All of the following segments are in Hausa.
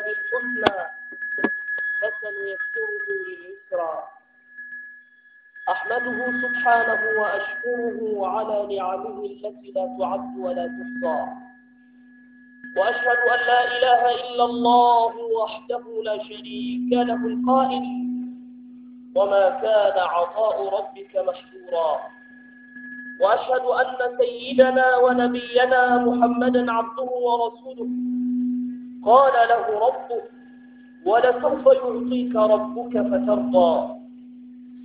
بالقمة فسنيسره لليسرى أحمده سبحانه وأشكره على نعمه التي لا تعد ولا تحصى وأشهد أن لا إله إلا الله وحده لا شريك له القائل وما كان عطاء ربك محشورا وأشهد أن سيدنا ونبينا محمدا عبده ورسوله قال له ربه ولسوف يعطيك ربك فترضى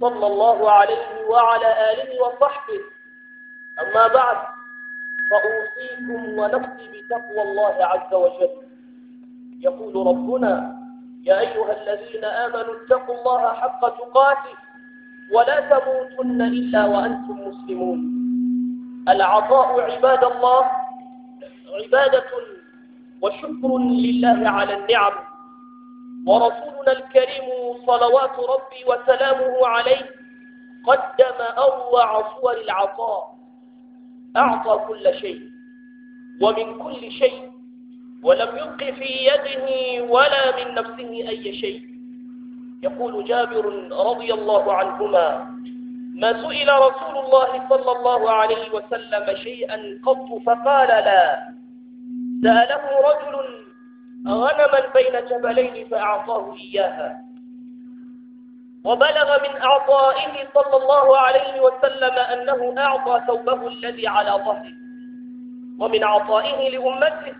صلى الله عليه وعلى آله وصحبه أما بعد فأوصيكم ونفسي بتقوى الله عز وجل يقول ربنا يا أيها الذين آمنوا اتقوا الله حق تقاته ولا تموتن إلا وأنتم مسلمون العطاء عباد الله عبادة وشكر لله على النعم ورسولنا الكريم صلوات ربي وسلامه عليه قدم أروع صور العطاء أعطى كل شيء ومن كل شيء ولم يبق في يده ولا من نفسه أي شيء يقول جابر رضي الله عنهما ما سئل رسول الله صلى الله عليه وسلم شيئا قط فقال لا سأله رجل غنما بين جبلين فأعطاه إياها وبلغ من أعطائه صلى الله عليه وسلم أنه أعطى ثوبه الذي على ظهره ومن عطائه لأمته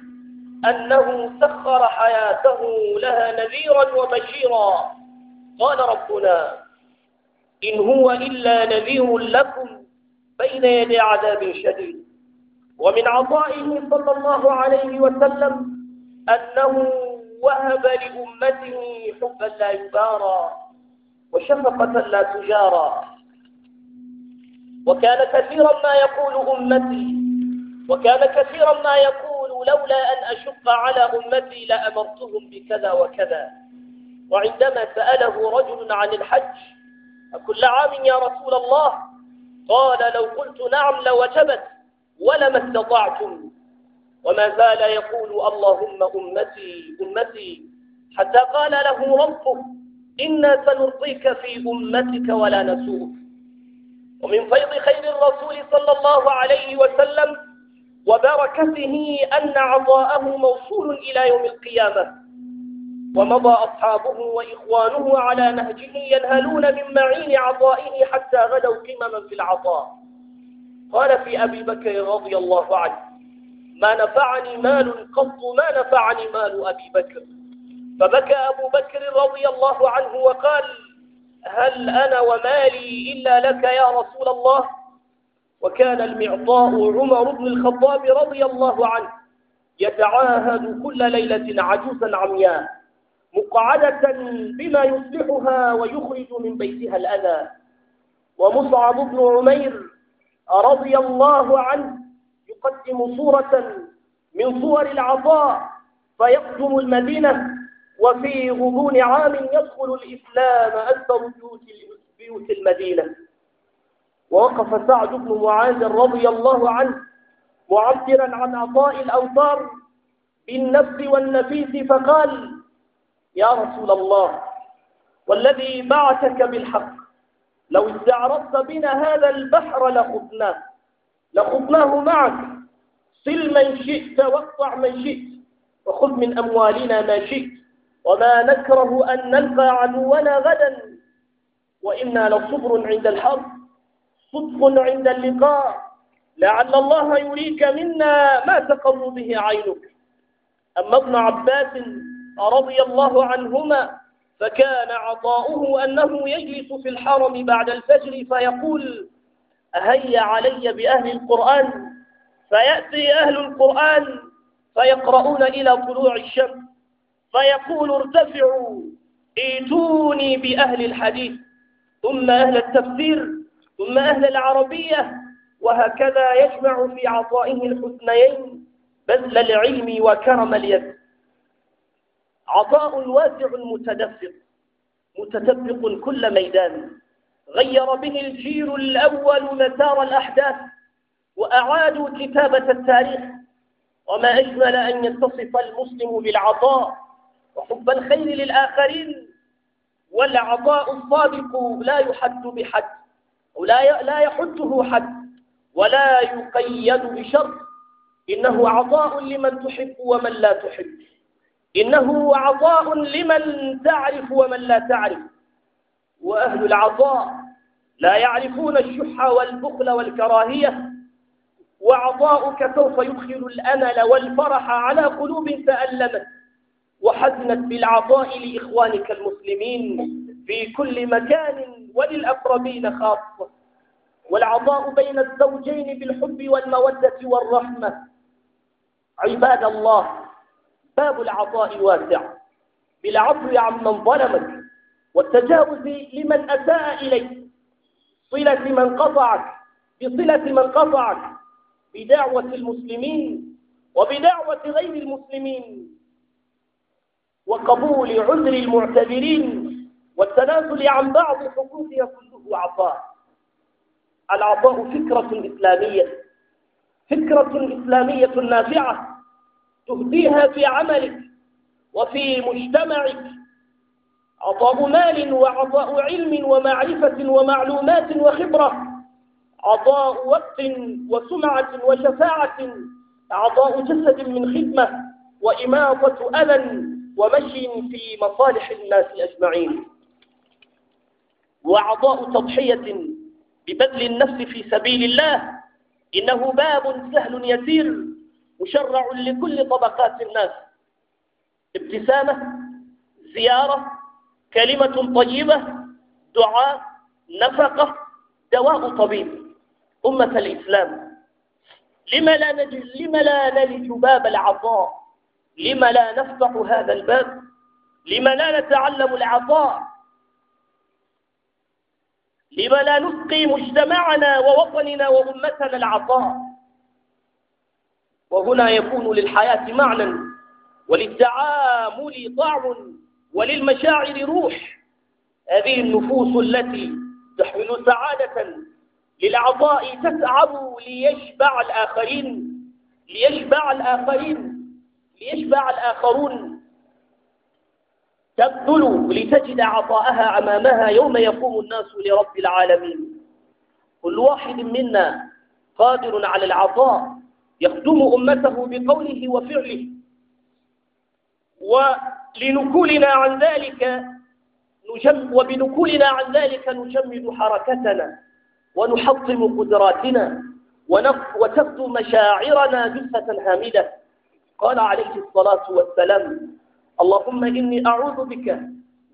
أنه سخر حياته لها نذيرا وبشيرا قال ربنا إن هو إلا نذير لكم بين يدي عذاب شديد ومن عطائه صلى الله عليه وسلم أنه وهب لأمته حبا لا يبارى وشفقة لا تجارى وكان كثيرا ما يقول أمتي وكان كثيرا ما يقول لولا أن أشق على أمتي لأمرتهم بكذا وكذا وعندما سأله رجل عن الحج أكل عام يا رسول الله قال لو قلت نعم لوجبت ولما استطعتم وما زال يقول اللهم أمتي أمتي حتى قال له ربه إنا سنرضيك في أمتك ولا نسوك ومن فيض خير الرسول صلى الله عليه وسلم وبركته أن عطاءه موصول إلى يوم القيامة ومضى أصحابه وإخوانه على نهجه ينهلون من معين عطائه حتى غدوا قمما في العطاء قال في أبي بكر رضي الله عنه ما نفعني مال قط ما نفعني مال أبي بكر فبكى أبو بكر رضي الله عنه وقال هل أنا ومالي إلا لك يا رسول الله وكان المعطاء عمر بن الخطاب رضي الله عنه يتعاهد كل ليلة عجوزا عمياء مقعدة بما يصلحها ويخرج من بيتها الأذى ومصعب بن عمير رضي الله عنه يقدم صورة من صور العطاء فيقدم المدينة وفي غضون عام يدخل الإسلام أكثر بيوت المدينة ووقف سعد بن معاذ رضي الله عنه معبرا عن عطاء الأوطار بالنفس والنفيس فقال يا رسول الله والذي بعثك بالحق لو استعرضت بنا هذا البحر لخضناه لخضناه معك سل من شئت واقطع من شئت وخذ من أموالنا ما شئت وما نكره أن نلقى عدونا غدا وإنا لصبر عند الحظ صدق عند اللقاء لعل الله يريك منا ما تقر به عينك أما ابن عباس رضي الله عنهما فكان عطاؤه أنه يجلس في الحرم بعد الفجر فيقول هيا علي بأهل القرآن فيأتي أهل القرآن فيقرؤون إلى طلوع الشمس فيقول ارتفعوا ايتوني بأهل الحديث ثم أهل التفسير ثم أهل العربية وهكذا يجمع في عطائه الحسنيين بذل العلم وكرم اليد عطاء واسع متدفق متدفق كل ميدان غير به الجيل الأول مسار الأحداث وأعادوا كتابة التاريخ وما أجمل أن يتصف المسلم بالعطاء وحب الخير للآخرين والعطاء الصادق لا يحد بحد ولا لا يحده حد ولا يقيد بشرط إنه عطاء لمن تحب ومن لا تحب إنه عطاء لمن تعرف ومن لا تعرف وأهل العطاء لا يعرفون الشح والبخل والكراهية وعطاؤك سوف يدخل الأمل والفرح على قلوب تألمت وحزنت بالعطاء لإخوانك المسلمين في كل مكان وللأقربين خاصة والعطاء بين الزوجين بالحب والمودة والرحمة عباد الله باب العطاء واسع بالعفو عمن ظلمك والتجاوز لمن أساء إليك صلة من قطعك بصلة من قطعك بدعوة المسلمين وبدعوة غير المسلمين وقبول عذر المعتذرين والتنازل عن بعض حقوقها كله عطاء العطاء فكرة إسلامية فكرة إسلامية نافعة تؤديها في عملك وفي مجتمعك عطاء مال وعطاء علم ومعرفة ومعلومات وخبرة عطاء وقت وسمعة وشفاعة عطاء جسد من خدمة وإماطة أذى ومشي في مصالح الناس أجمعين وعطاء تضحية ببذل النفس في سبيل الله إنه باب سهل يسير مشرع لكل طبقات الناس ابتسامة زيارة كلمة طيبة دعاء نفقة دواء طبيب أمة الإسلام لم لا نجد لم لا نلج باب العطاء لم لا نفتح هذا الباب لم لا نتعلم العطاء لم لا نسقي مجتمعنا ووطننا وأمتنا العطاء وهنا يكون للحياة معنى وللتعامل طعم وللمشاعر روح هذه النفوس التي تحمل سعادة للعطاء تتعب ليشبع الآخرين ليشبع الآخرين ليشبع الآخرون تبذل لتجد عطاءها أمامها يوم يقوم الناس لرب العالمين كل واحد منا قادر على العطاء يخدم أمته بقوله وفعله ولنكولنا عن ذلك نجم وبنكولنا عن ذلك نجمد حركتنا ونحطم قدراتنا وتبدو مشاعرنا جثة هامدة قال عليه الصلاة والسلام اللهم إني أعوذ بك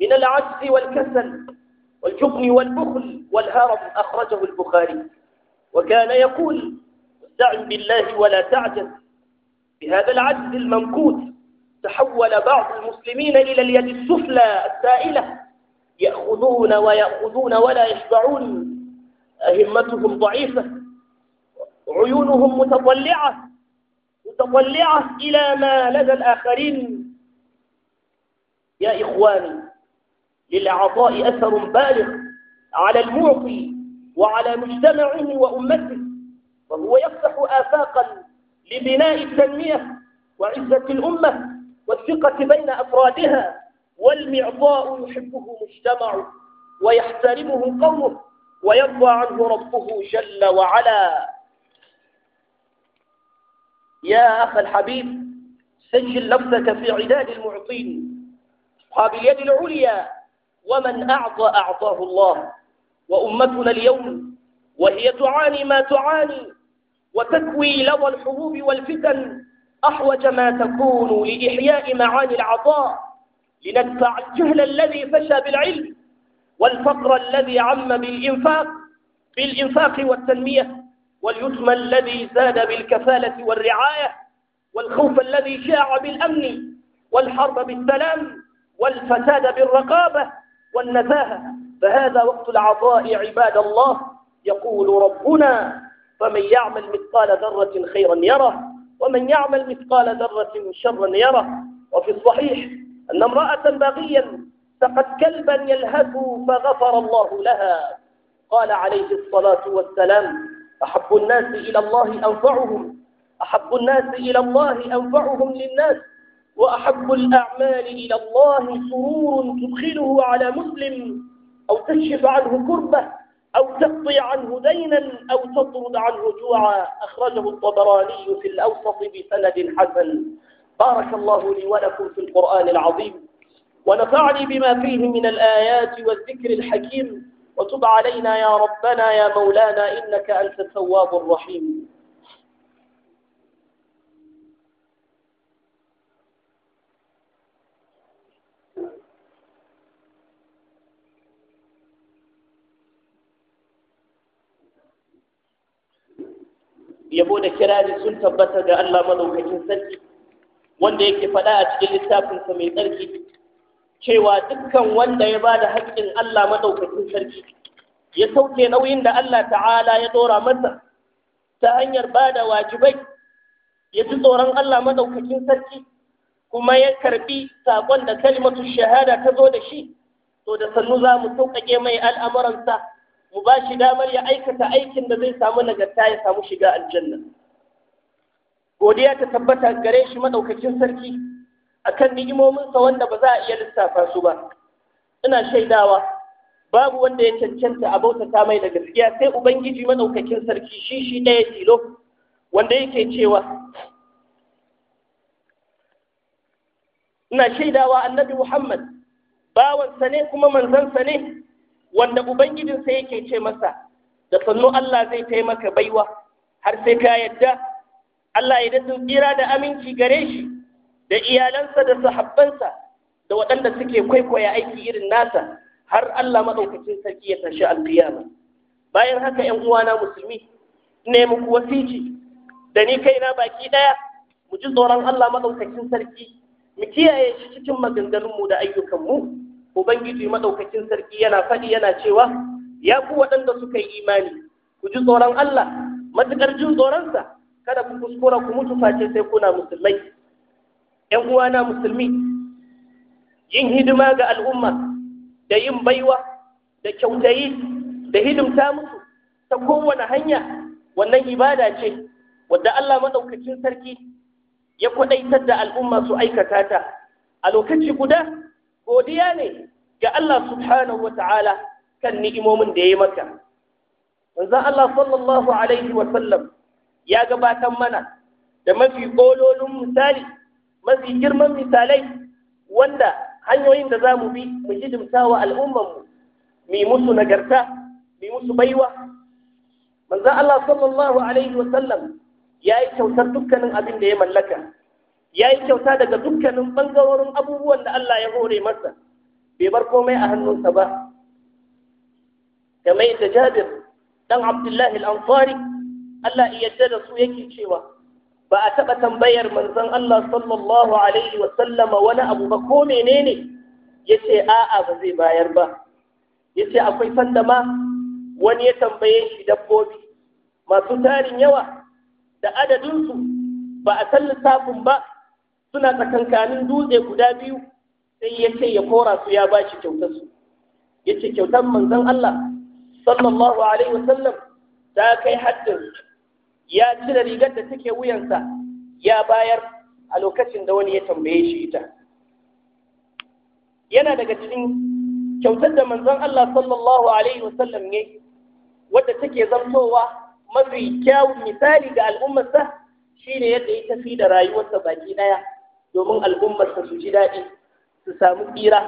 من العجز والكسل والجبن والبخل والهرم أخرجه البخاري وكان يقول استعن بالله ولا تعجز بهذا العجز المنكوت تحول بعض المسلمين إلى اليد السفلى السائلة يأخذون ويأخذون ولا يشبعون همتهم ضعيفة عيونهم متطلعة متطلعة إلى ما لدى الآخرين يا إخواني للعطاء أثر بالغ على المعطي وعلى مجتمعه وأمته وهو يفتح آفاقا لبناء التنمية وعزة الأمة والثقة بين أفرادها والمعطاء يحبه مجتمعه ويحترمه قومه ويرضى عنه ربه جل وعلا يا أخ الحبيب سجل لفظك في عداد المعطين أصحاب اليد العليا ومن أعطى أعطاه الله وأمتنا اليوم وهي تعاني ما تعاني وتكوي لوى الحروب والفتن أحوج ما تكون لإحياء معاني العطاء لندفع الجهل الذي فشى بالعلم والفقر الذي عم بالإنفاق بالإنفاق والتنمية واليتم الذي زاد بالكفالة والرعاية والخوف الذي شاع بالأمن والحرب بالسلام والفساد بالرقابة والنزاهة فهذا وقت العطاء عباد الله يقول ربنا فمن يعمل مثقال ذرة خيرا يره ومن يعمل مثقال ذرة شرا يره وفي الصحيح أن امرأة باغيا سقت كلبا يلهث فغفر الله لها قال عليه الصلاة والسلام أحب الناس إلى الله أنفعهم أحب الناس إلى الله أنفعهم للناس وأحب الأعمال إلى الله سرور تدخله على مسلم أو تكشف عنه كربة أو تقضي عنه دينا أو تطرد عنه جوعا أخرجه الطبراني في الأوسط بسند حسن بارك الله لي ولكم في القرآن العظيم ونفعني بما فيه من الآيات والذكر الحكيم وتب علينا يا ربنا يا مولانا إنك أنت التواب الرحيم yabo da kirari sun tabbata ga Allah madaukakin sarki wanda yake faɗa a cikin littafinsa mai tsarki cewa dukkan wanda ya bada da haƙƙin Allah madaukakin sarki ya sauke nauyin da Allah ta'ala ya ɗora masa ta hanyar ba da wajibai ya ji tsoron Allah madaukakin sarki kuma ya karbi saƙon da kalmatu shahada ta zo da shi to da sannu za mu sauƙaƙe mai al'amuransa mu ba shi damar ya aikata aikin da zai samu nagarta ya samu shiga aljanna godiya ta tabbata gare shi madaukakin sarki akan ni'imominsa wanda ba za a iya lissafa su ba ina shaidawa babu wanda ya cancanta a bautata mai da gaskiya sai ubangiji madaukakin sarki shi shi ɗaya tilo wanda yake cewa ina shaidawa annabi muhammad bawansa ne kuma manzansa ne wanda ubangijin sai yake ce masa da sannu Allah zai taimaka baiwa har sai ka yadda Allah ya dadin tsira da aminci gare shi da iyalansa da sahabbansa da waɗanda suke kwaikwaya aiki irin nasa har Allah maɗaukacin sarki ya tashi alƙiyama bayan haka 'yan uwana musulmi ne muku wasici da ni kaina baki ɗaya mu ji tsoron Allah maɗaukacin sarki mu kiyaye shi cikin maganganunmu da ayyukanmu ubangiji madaukakin sarki yana faɗi yana cewa ya ku waɗanda suka yi imani ku ji tsoron Allah matuƙar jin sa, kada ku kuskura ku mutu face sai kuna musulmai ƴan uwana musulmi yin hidima ga al'umma da yin baiwa da kyautayi da hidimta musu ta kowane hanya wannan ibada ce wadda Allah maɗaukacin sarki ya kwaɗaitar da al'umma su aikata ta a lokaci guda godiya ne ga Allah subhanahu wa ta'ala kan ni'imomin da ya yi maka Wanzan Allah sallallahu alaihi wa sallam ya gabatar mana da mafi ƙololin misali mafi girman misalai wanda hanyoyin da za mu bi mu hidimta wa al'ummarmu mu musu nagarta mu musu baiwa Wanzan Allah sallallahu alaihi wa sallam ya yi kyautar dukkanin abin da ya mallaka ya yi kyauta daga dukkanin ɓangarorin abubuwan da Allah ya hore masa bai bar komai a hannunsa ba kamar da jabir ɗan abdullahi al'amfari Allah iya da su yake cewa ba a taɓa tambayar manzon Allah sallallahu alaihi wa sallama wani abu ba ko menene ya ce a'a ba zai bayar ba ya ce akwai sanda ma wani ya tambaye shi dabbobi masu tarin yawa da adadinsu ba a san lissafin ba suna tsakankanin dutse guda biyu sai ya ce ya kora su ya bashi kyautar su ya ce kyautar manzon Allah sallallahu alaihi wasallam ta kai haddin ya cire rigar da take wuyansa ya bayar a lokacin da wani ya tambaye shi ita yana daga cikin kyautar da manzon Allah sallallahu alaihi wasallam ne wadda take zamtowa mafi kyawun misali ga al'ummarsa shine yadda ya tafi da rayuwarsa baki ɗaya. domin al'ummarsa su ji daɗi su samu tsira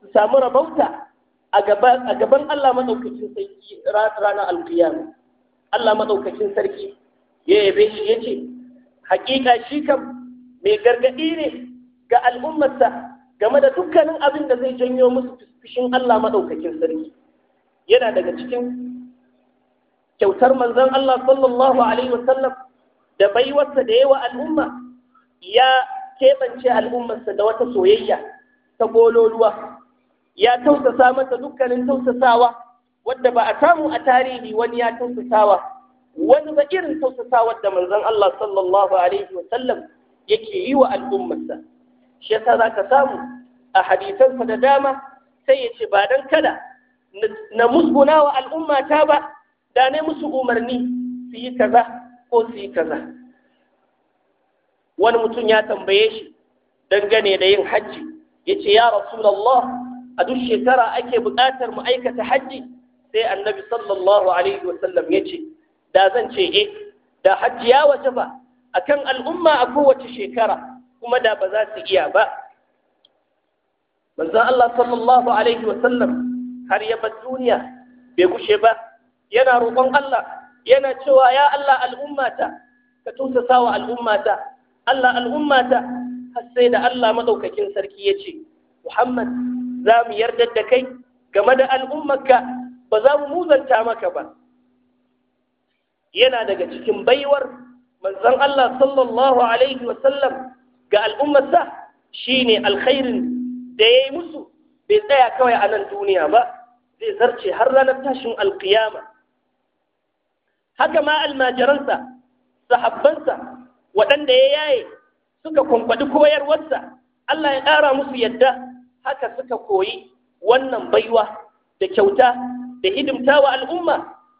su samu rabauta a gaban Allah maɗaukacin sarki ranar alƙiyama Allah maɗaukacin sarki ya yabe shi ya ce hakika shi kam mai gargaɗi ne ga al'ummarsa game da dukkanin abin da zai janyo musu fushin Allah maɗaukakin sarki yana daga cikin kyautar manzon Allah sallallahu alaihi wasallam da baiwarsa da yawa al'umma ya keɓance al'ummarsa da wata soyayya ta gololuwa ya tausasa mata dukkanin tausasawa wadda ba a samu a tarihi wani ya tausasawa wani ba irin tausasawa da manzon Allah sallallahu alaihi wasallam yake yi wa al'ummarsa shi yasa za ka samu a hadisansa da dama sai ya ce ba dan kada na musguna wa al'ummata ba da ne musu umarni su yi kaza ko su yi kaza wani mutum ya tambaye shi dangane da yin hajji ya ce ya rasulallah a duk shekara ake buƙatar mu aikata hajji sai annabi sallallahu alaihi wasallam ya ce da zan ce eh da hajji ya waje ba akan al'umma a kowace shekara kuma da ba za su iya ba manzon Allah sallallahu alaihi wasallam har ya bar duniya bai gushe ba yana roƙon Allah yana cewa ya Allah al'ummata ka tausasa wa al'ummata Allah al'ummata har sai da Allah maɗaukakin sarki ya ce Muhammad za mu yarda da kai game da al'ummarka ba za mu muzanta maka ba yana daga cikin baiwar manzon Allah sallallahu alaihi wasallam ga al'ummarsa ne alkhairin da ya yi musu bai tsaya kawai a nan duniya ba zai zarce har ranar tashin alkiyama haka ma almajiransa sahabbansa waɗanda ya yaye suka kwankwaɗi koyarwarsa Allah ya ƙara musu yadda haka suka koyi wannan baiwa da kyauta da hidimta wa al'umma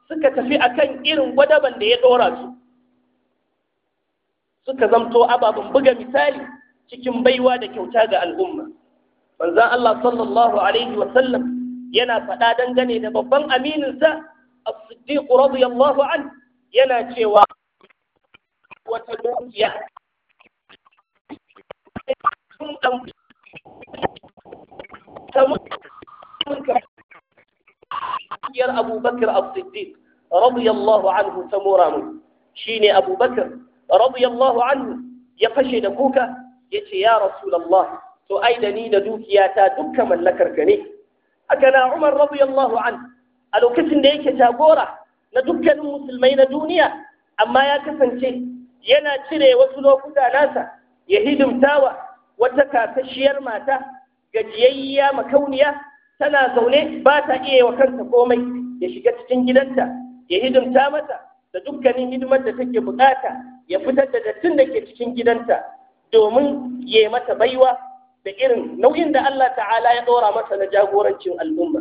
suka tafi akan irin gwadaban da ya ɗora su suka zamto ababen buga misali cikin baiwa da kyauta ga al'umma Banzan Allah sallallahu alaihi wasallam yana faɗa dangane da babban amininsa as-siddiq radiyallahu an yana cewa wata dukiya sun ɗan dukiyar abubakar as-siddiq anhu ta mora mu shine abubakar radiyallahu anhu ya fashe da kuka yace ya rasulullah to ai da ni da dukiyata duka mallakar ka ne haka na umar radiyallahu anhu a lokacin da yake jagora na dukkanin musulmai na duniya amma ya kasance yana cire wasu lokuta nasa ya hidimtawa wata kakashiyar mata gajiyayya makauniya tana zaune ba ta iya wa kanta komai ya shiga cikin gidanta ya hidimta mata da dukkanin hidimar da take bukata ya fitar da dattin da ke cikin gidanta domin ya mata baiwa da irin nauyin da Allah ta'ala ya ɗora masa na jagorancin al'umma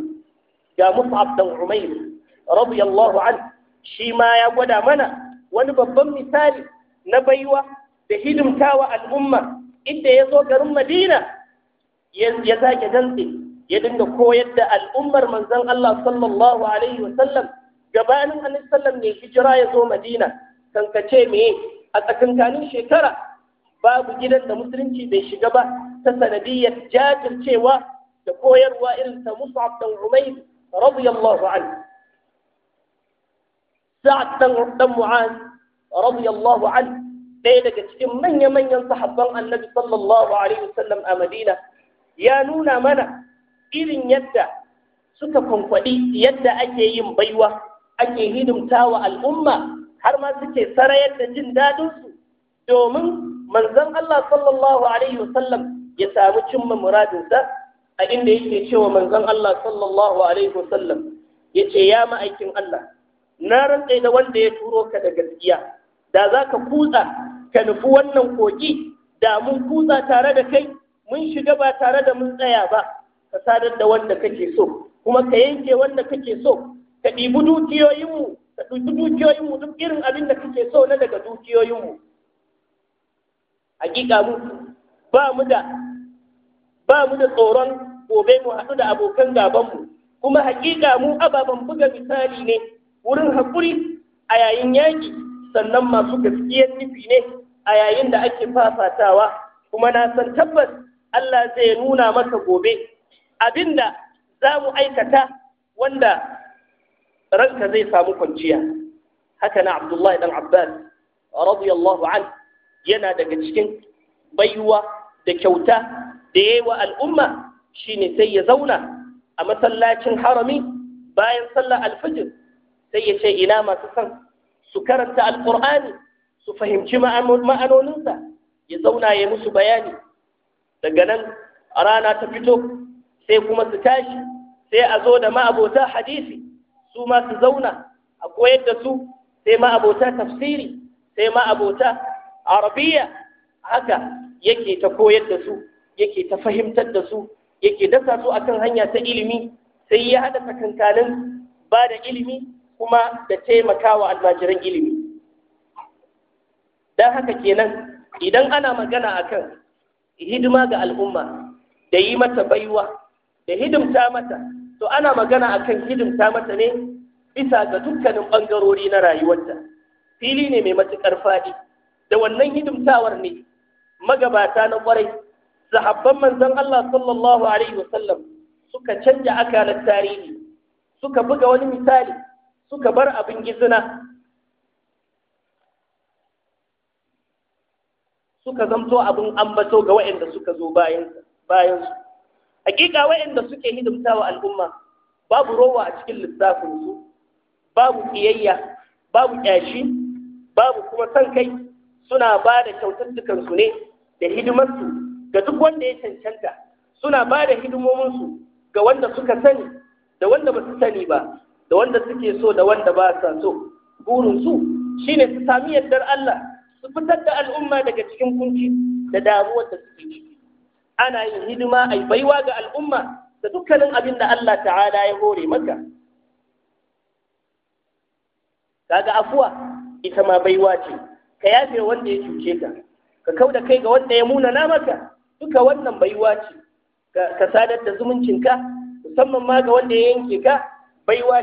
ga Mus'ab dan Umair radiyallahu an shi ma ya gwada mana wani babban misali na baiwa da hidimtawa al'umma inda ya zo garin madina ya sake dantse ya dinga koyar da al'ummar manzon Allah sallallahu alaihi wasallam gabanin annabi sallam ne hijira ya zo madina kankace me a tsakankanin shekara babu gidan da musulunci bai shiga ba ta sanadiyyar jajircewa da koyarwa irin ta Mus'ab dan Umayr radiyallahu anhu Sa'ad dan Mu'az radiyallahu anhu ɗaya daga cikin manya-manyan sahabban annabi sallallahu alaihi wasallam a madina ya nuna mana irin yadda suka kwankwaɗi yadda ake yin baiwa ake hidimta wa al'umma har ma suke sarayar da jin dadinsu domin manzon Allah sallallahu alaihi wasallam ya samu cimma muradinsa a inda yake cewa manzon Allah sallallahu alaihi wasallam yace ya ma'aikin Allah na rantsa da wanda ya turo ka da gaskiya da za ka kutsa ka nufi wannan kogi da mun kutsa tare da kai mun shiga ba tare da mun tsaya ba ka sadar da wanda kake so kuma ka yanke wanda kake so ka ɗibi dukiyoyinmu ka ɗibi dukiyoyinmu duk irin abin da kake so na daga dukiyoyinmu hakika mu ba mu da ba mu da tsoron gobe mu haɗu da abokan gabanmu kuma hakika mu ababen buga misali ne wurin haƙuri a yayin yaƙi sannan masu gaskiyar nufi ne a yayin da ake fafatawa kuma na san tabbas Allah zai nuna maka gobe abinda za mu aikata wanda ranka zai samu kwanciya haka na Abdullahi dan Abbas radiyallahu an yana daga cikin baiwa da kyauta da yayi wa al'umma shine sai ya zauna a masallacin harami bayan sallar alfajir sai ya ce ina masu san su karanta alƙur'ani su fahimci ma'anoninsa ya zauna ya musu bayani daga nan rana ta fito sai kuma su tashi sai a zo da ma'abota hadisi su ma su zauna a koyar da su sai ma'abota tafsiri sai ma'abota arabiya haka yake ta koyar da su yake ta fahimtar da su yake dasa su akan hanya ta ilimi sai ya haɗa tsakankanin ba da ilimi kuma da taimakawa almajiran ilimi don haka kenan idan ana magana akan hidima ga al'umma da yi mata baiwa da hidimta mata to ana magana akan hidimta mata ne bisa ga dukkanin ɓangarori na rayuwarta fili ne mai matuƙar faɗi da wannan hidimtawar ne magabata na ƙwarai sahabban manzon Allah sallallahu alaihi wasallam suka canja akalar tarihi suka buga wani misali suka bar abin gizina suka zamto abin ambato ga waɗanda suka zo bayan hakika waɗanda suke hidimtawa al'umma babu rowa a cikin lissafinsu babu kiyayya babu ƙyashi babu kuma san kai suna ba da kyautattukansu ne da hidimarsu ga duk wanda ya cancanta suna ba da hidimominsu ga wanda suka sani da wanda ba su sani ba da wanda suke so da wanda ba sa so burinsu shi ne su sami yardar Allah su fitar da al'umma daga cikin kunci da damuwar da suke ciki ana yin hidima a baiwa ga al'umma da dukkanin abin da Allah ta'ala ya hore maka kaga afuwa ita ma baiwa ce ka yafe wanda ya cuce ka ka kau kai ga wanda ya munana maka duka wannan baiwa ce ka sadar da zumuncinka musamman ma ga wanda ya yanke ka baiwa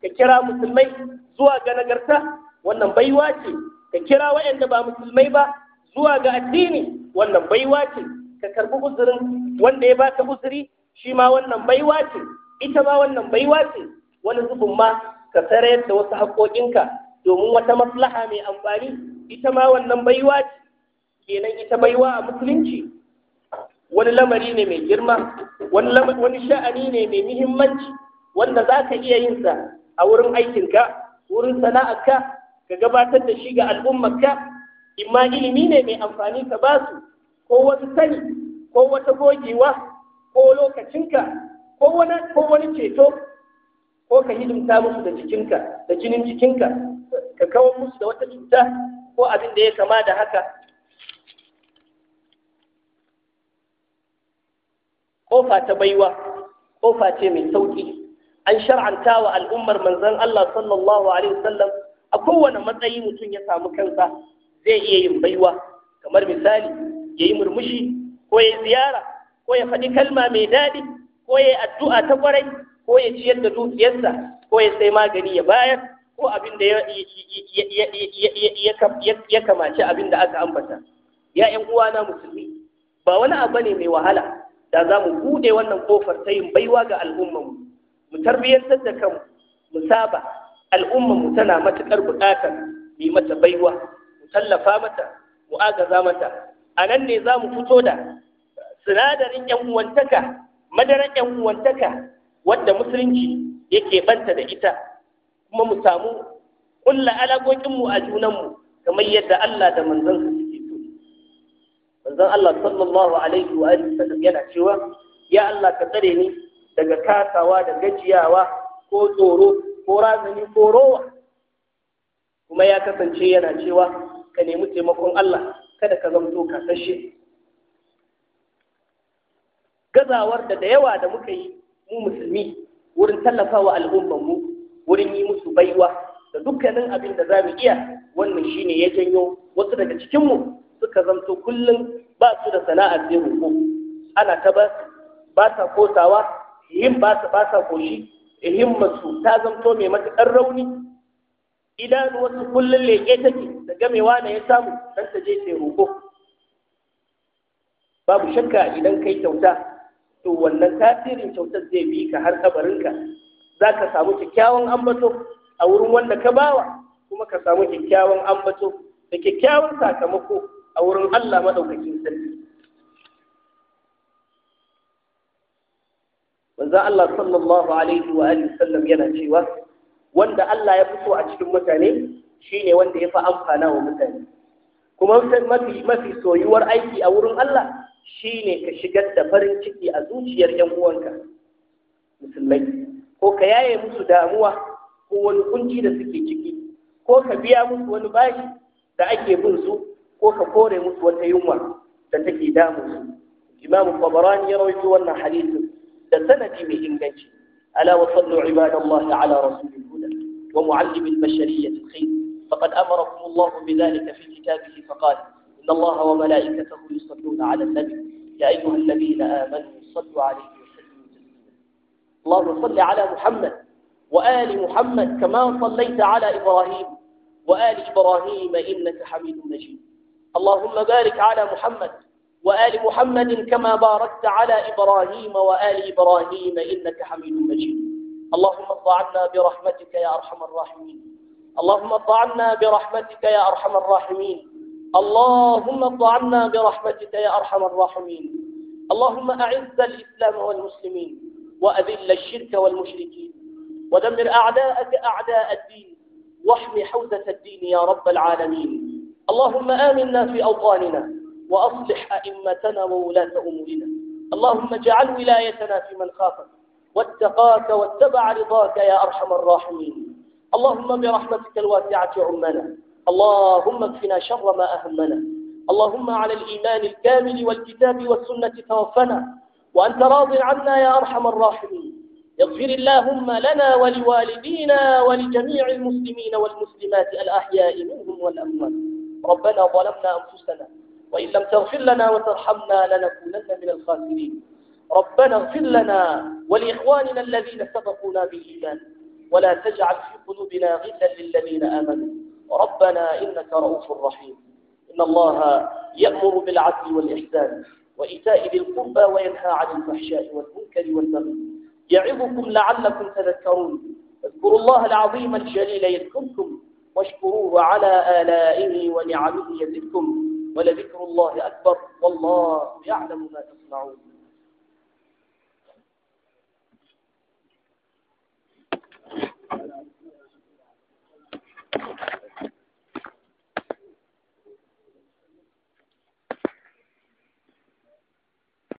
ce ka kira musulmai zuwa ga nagarta wannan baiwa ce ka kira waɗanda ba musulmai ba zuwa ga addini wannan baiwa ce ka karbi uzurin wanda ya baka uzuri shi ma wannan baiwa ce ita ma wannan baiwa ce wani zubin ma ka sarayar da wasu haƙoƙinka domin wata maslaha mai amfani ita ma wannan baiwa ce kenan ita baiwa a musulunci wani lamari ne mai girma wani sha'ani ne mai muhimmanci wanda za ka iya yin sa a wurin aikinka wurin sana'arka ka gabatar da shi ga al'ummarka imma ilimi ne mai amfani ka ba su ko wasu sani ko wata gogewa ko lokacinka ko wani ceto ko ka hidimta musu da jikinka da jinin jikinka ka kawo musu da wata cuta ko abin da ya kama da haka kofa ta baiwa kofa ce mai sauƙi an shar'anta wa al'ummar manzon Allah sallallahu alaihi wasallam a kowane matsayi mutum ya samu kansa zai iya yin baiwa kamar misali ya yi murmushi ko ya ziyara ko ya faɗi kalma mai daɗi ko ya yi addu'a ta kwarai ko ya ciyar da dukiyarsa ko ya sai magani ya bayar ko abin da ya kamaci abin da aka ambata ya ‘yan uwana musulmi ba wani abu ne mai wahala da za mu buɗe wannan kofar ta yin baiwa ga al'ummanmu mu tarbiyyantar da kanmu mu saba al'umma mu tana matuƙar buƙatar mu mata baiwa mu tallafa mata mu agaza mata a nan ne za mu fito da sinadarin yan uwantaka madarar yan uwantaka wadda musulunci yake banta da ita kuma mu samu kulla alagokinmu a junanmu kamar yadda Allah da manzansa suke so manzon Allah sallallahu alaihi wa alihi wasallam yana cewa ya Allah ka tsare ni daga kasawa da gajiyawa ko tsoro ko razani ko rowa kuma ya kasance yana cewa ka nemi taimakon Allah kada ka zamto kasashe gazawar da da yawa da muka yi mu musulmi wurin tallafawa mu wurin yi musu baiwa da dukkanin abin da za mu iya wannan shine ya janyo wasu daga cikinmu suka zamto kullum ba su da sana'ar sai hukum ana ta ba ba ta kosawa yin ba su ba sa koshi himmatsu ta zamto mai matuƙar rauni Idan wasu kullum leƙe take da gamewa na ya samu don ta je ta roƙo babu shakka idan kai kyauta to wannan tasirin kyautar zai bi ka har kabarinka za ka samu kyakkyawan ambato a wurin wanda ka bawa kuma ka samu kyakkyawan ambato da kyakkyawan sakamako a wurin Allah maɗaukakin sarki manzo Allah sallallahu alaihi wa alihi sallam yana cewa wanda Allah ya fito a cikin mutane shine wanda ya fi amfana wa mutane kuma mafi mafi soyuwar aiki a wurin Allah shine ka shigar da farin ciki a zuciyar yan uwanka musulmai ko ka yaye musu damuwa ko wani kunci da suke ciki ko ka biya musu wani bashi da ake bin su ko ka kore musu wata yunwa da take damu? su imamu tabarani ya rawaito wannan hadisin لسندي من إنجاج ألا وصلوا عباد الله على رسول الهدى ومعلم البشرية الخير فقد أمركم الله بذلك في كتابه فقال إن الله وملائكته يصلون على النبي يا أيها الذين آمنوا صلوا عليه وسلموا تسليما اللهم صل على محمد وآل محمد كما صليت على إبراهيم وآل إبراهيم إنك حميد مجيد اللهم بارك على محمد وآل محمد كما باركت على إبراهيم وآل إبراهيم إنك حميد مجيد اللهم اطعنا برحمتك يا أرحم الراحمين اللهم اطعنا برحمتك يا أرحم الراحمين اللهم اطعنا برحمتك يا أرحم الراحمين اللهم أعز الإسلام والمسلمين وأذل الشرك والمشركين ودمر أعداءك أعداء الدين واحمي حوزة الدين يا رب العالمين اللهم آمنا في أوطاننا وأصلح أئمتنا وولاة أمورنا اللهم اجعل ولايتنا في من خافك واتقاك واتبع رضاك يا أرحم الراحمين اللهم برحمتك الواسعة عمنا اللهم اكفنا شر ما أهمنا اللهم على الإيمان الكامل والكتاب والسنة توفنا وأنت راض عنا يا أرحم الراحمين اغفر اللهم لنا ولوالدينا ولجميع المسلمين والمسلمات الأحياء منهم والأموات ربنا ظلمنا أنفسنا وإن لم تغفر لنا وترحمنا لنكونن من الخاسرين ربنا اغفر لنا ولإخواننا الذين سبقونا بالإيمان ولا تجعل في قلوبنا غلا للذين آمنوا ربنا إنك رؤوف رحيم إن الله يأمر بالعدل والإحسان وإيتاء ذي القربى وينهى عن الفحشاء والمنكر والبغي يعظكم لعلكم تذكرون اذكروا الله العظيم الجليل يذكركم واشكروه على آلائه ونعمه يزدكم ولذكر الله أكبر والله يعلم ما تصنعون Thank you.